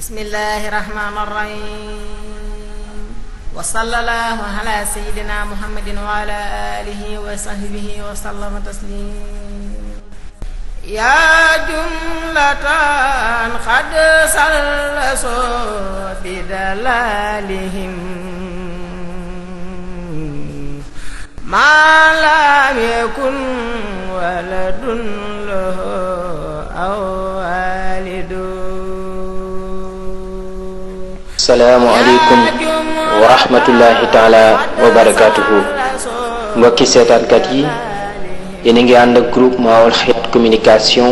بسم الله الرحمن الرحيم وصلى الله على سيدنا محمد وعلى آله وصحبه وسلم تسليم يا جملة قد سلسوا بدلالهم ما لم يكن ولد له أو والد asalaamualeykum wa rahmatullahi taala wa barakatuhu mbokki seetaankat yi yéen ngi ànd ak groupement xeet communication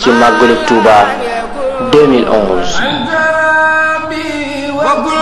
ci màggalu Touba 2011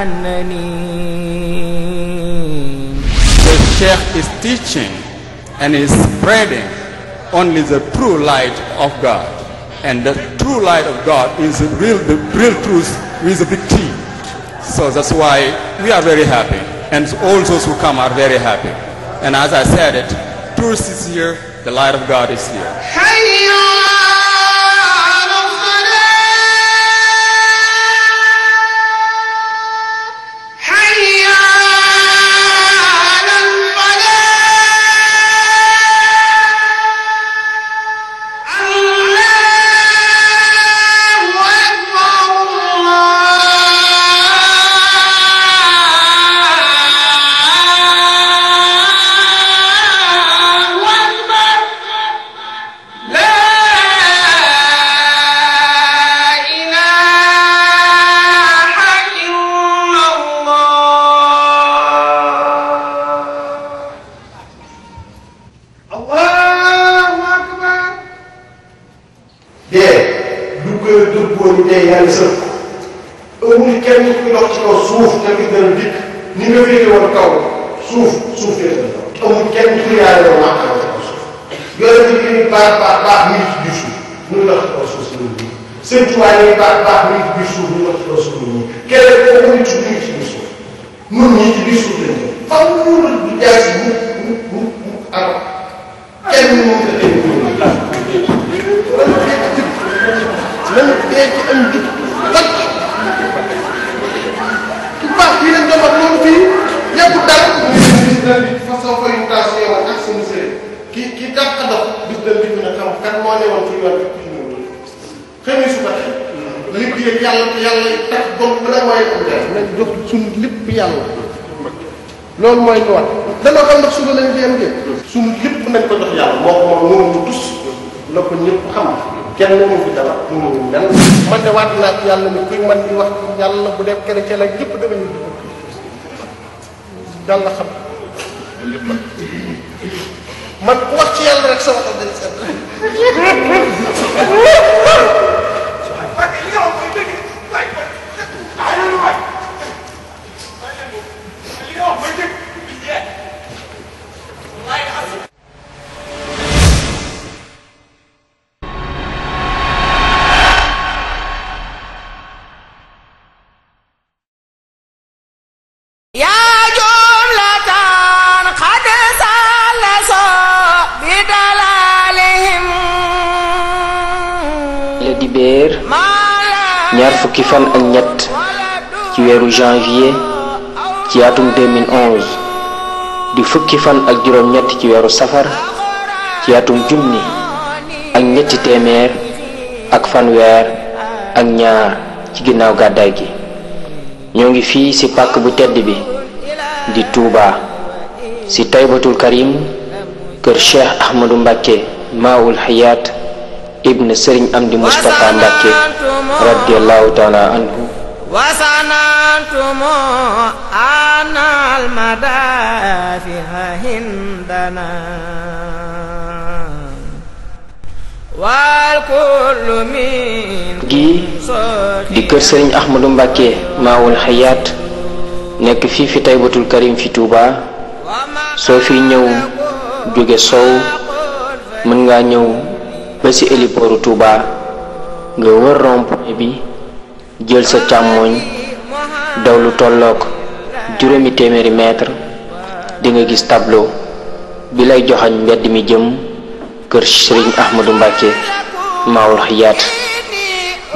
أنني The Sheikh is teaching and is spreading only the true light of God. And the true light of God is the real, the real truth with a big T. So that's why we are very happy. And all those who come are very happy. And as I said it, truth is here, the light of God is here. dee du koy dëppoo ni tey yaa ngi sën amul kenn ku dox ci kaw suuf tamit dana dikk ni nga féete woon kaw suuf suuf féete eu kaw amul kenn ku yaay woon naa kaw ci kaw suuf yore bi ñu baax baax baax ñu ci biir suuf ñu ngi dox ci kaw suuf si ñun ñii seen tubaab yi baax baax ñu ci biir suuf ñu dox ci kaw suuf ñun ñii kenn ku ko nit ñu ci biir suuf ñun ñii ci biir suuf lañ ñëw fan mu du jaay si mu mu mu am kenn mu mu ko tey yàlla loolu mooy ñu war danoo xam ndax suba lañ fi am dé suñu lépp nañ ko jox yàlla moo ko moom moomu tus la ko ñëpp xam kenn mu fi dara mu mel man de waat naa yàlla ni kuy man di wax yàlla bu dee chrétien la ñëpp damañu yàlla xam man ku wax ci yàlla rek sama xol dañ set Fukifan fan ak ñett ci wéru janvier ci atum 2011 di fukifan fan ak juróom ñett ci wéru safar ci atum jumni ak ñetti téeméer ak fanweer ak ñaar ci ginnaaw gàddaay gi ñoo ngi fii si bu tedd bi di Touba si taybatul karim kër cheikh ahmadou mbàkke maawul ibn sëriñ Amdi Moustapha min gii di kër sëriñ Ahmadou Mbacke maawul xayaat nekk fii fi Taybatul Karim fi Touba soo fi ñëw jóge sow mën ngaa ñëw ba eli héliport Touba nga wër rond-point bi jël sa càmmoñ dawlu lu tolloog juróomi téeméeri mètre di nga gis tableau bi lay joxañ mbedd mi jëm kër Serigne Ahmadou Mbacke Maoul Hayaat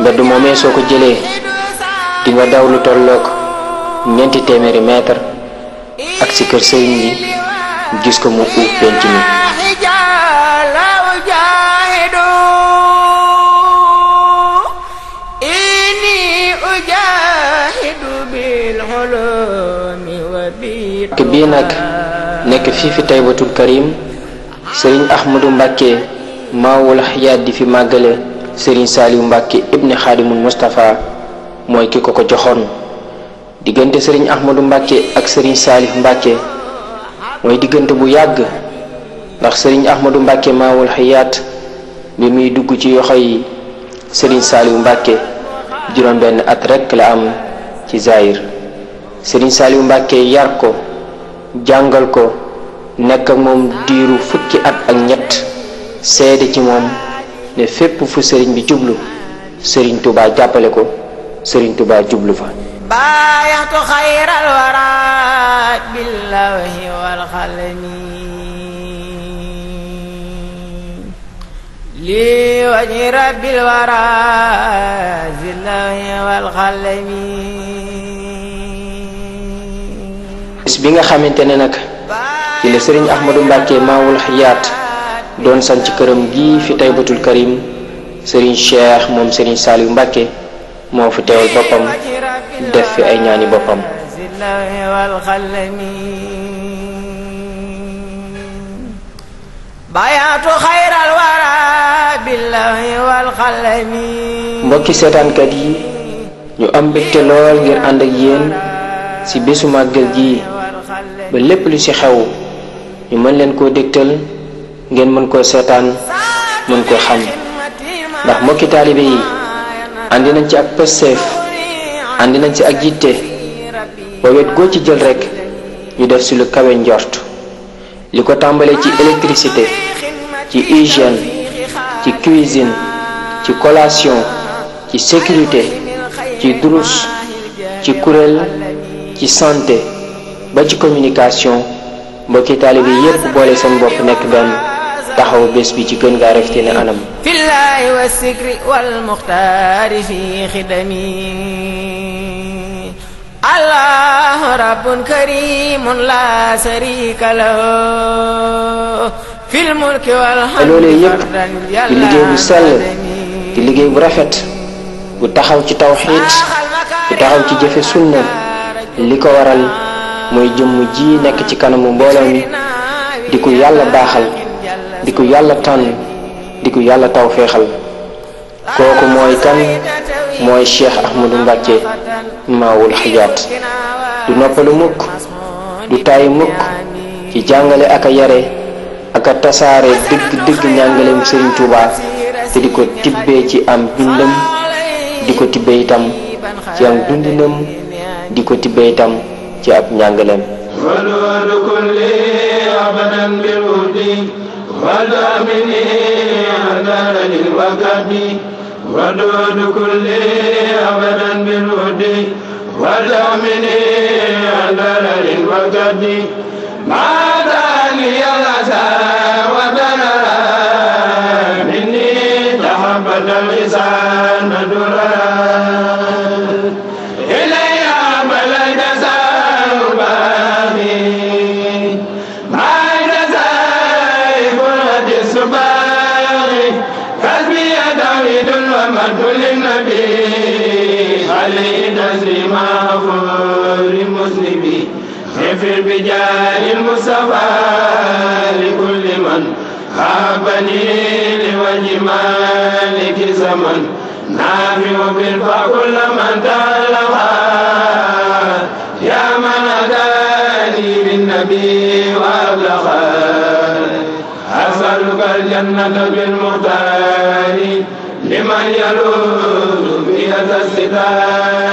mbedd moomee soo ko jëlee di nga dawlu lu ñenti téeméeri mètre ak ci kër Serigne bi gis ko mu uuf penc mi ak bii nag nekk fii fi taybatul karim sëriñ ahmadu mbàkke maawul xayaat di fi màggale sëriñ saaliyu mbàkke ibni xaadimul mustapha mooy ki ko ko joxoon diggante sëriñ ahmadu mbàkke ak sëriñ saalif mbàkke mooy diggante bu yàgg ndax sëriñ ahmadu mbàkke maawul xayaat bi muy dugg ci yoxo yi sëriñ saaliw mbàkke juróom benn at rekk la am ci zaayir Serigne Saliou Mbacke yar ko jàngal ko nekk ak moom diiru fukki at ak ñett seede ci moom ne fépp fu sëriñ bi jublu Serigne Touba jàppale ko Serigne Touba jublu fa. bis bi nga xamantene nak ci le serigne ahmadou mbake maoul maawul don san ci kërëm gi fi taybatul karim serigne cheikh mom serigne salih mbake mo fi teewal bopam def fi ay ñaani bopam bayatu khairal wara billahi wal xalami mbokki seetaankat yi ñu am mbégte lool ngir and ak yeen si bisu màggal gi ba lépp lu ci xew ñu mën leen koo ngeen mën koo seetaan mën koo xam ndax mbokki taalibe yi nañ ci ak ti en nañ ci ak ba wet ci def ci électricité ci hygiène cuisine ci collation ci sécurité ci ci santé ba ci communication mbokki taalibe yépp boole seen bopp nekk benn taxaw bés bi ci gën ngaa rafetee ne anam fi llahi wa sikri wal muxtaari fi xidami allah rabbun karimun la sarika lahu fil mulki wal hamd loolee yépp di liggéey bu sell di liggéey bu rafet bu taxaw ci tawxiit bu taxaw ci jëfe sunna li ko waral mooy jëmm ji nekk ci kanamu mbooloo mi di ku yàlla baaxal di ku yàlla tànn di ku yàlla taw feexal kooku mooy kan mooy cheikh ahmadou mbàkke maawul xajaat du noppalu mukk du tàyyi mukk ci jàngale ak a yare ak a tasaare digg digg njàngaleem sëriñ tuuba te di ko tibbee ci am dundam di ko tibbee itam ci am dundinam di ko tibbee itam ci ab njàngaleem wadamini تسليما خير المسلمين اغفر بجاه المصطفى لكل من خابني لوجه مالك زمن نافع بالفقر كل من تلقى يا من أتاني بالنبي وأبلغ أسألك الجنة بالمختار لمن يلوذ بيد الستار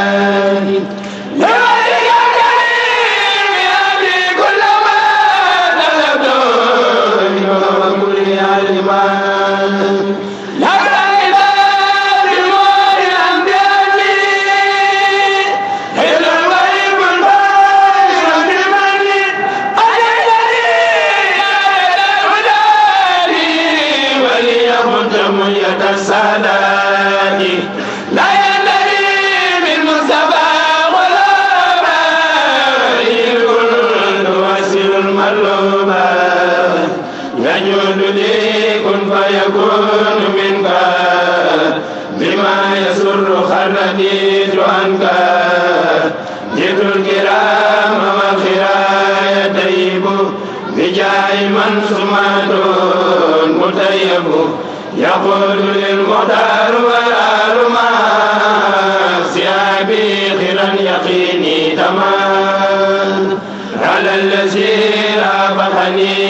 يقول للمدار والألماس يا خيرا يقيني تمام على الذي رابحني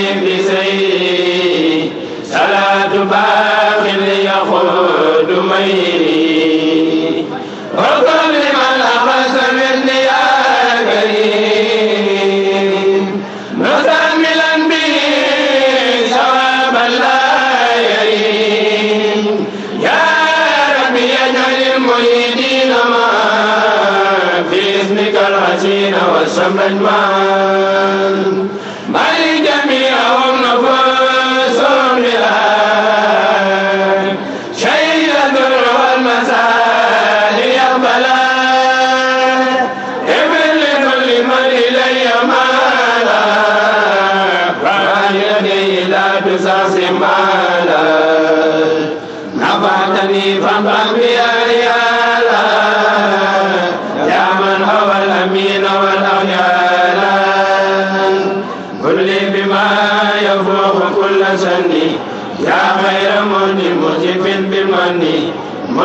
والياسين والشمل والمال بل جميعهم نفوس بلاد شيء الدر والمساء هي البلاد ابن لكل من الي مالا فعن يدي لا بساس مالا نفعتني فانفعني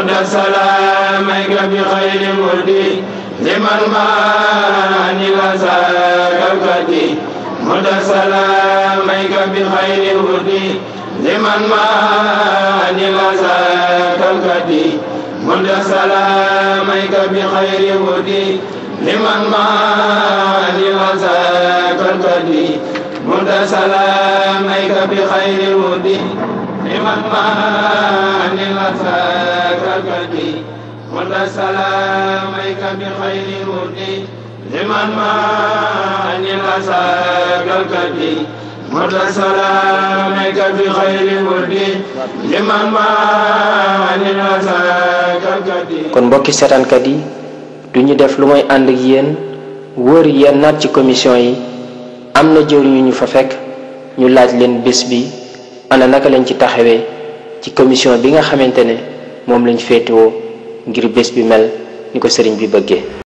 مدى سلامك بخير مردي لمن مان وساك الكدي مدى سلامك بخير مردي لمن مان وساك الكدي مدى سلامك بخير مردي لمن مان وساك الكدي مدى سلامك بخير مردي kon mbokki seetaankat yi du ñu def lu may ànd ak yéen wër yéen naat ci commission yi am na jëwriñ yu ñu fa fekk ñu laaj leen bés bi ana naka lañ ci taxawee ci commission bi nga xamante ne moom lañu féetewoo ngir bés bi mel ni ko sëriñ bi bëggee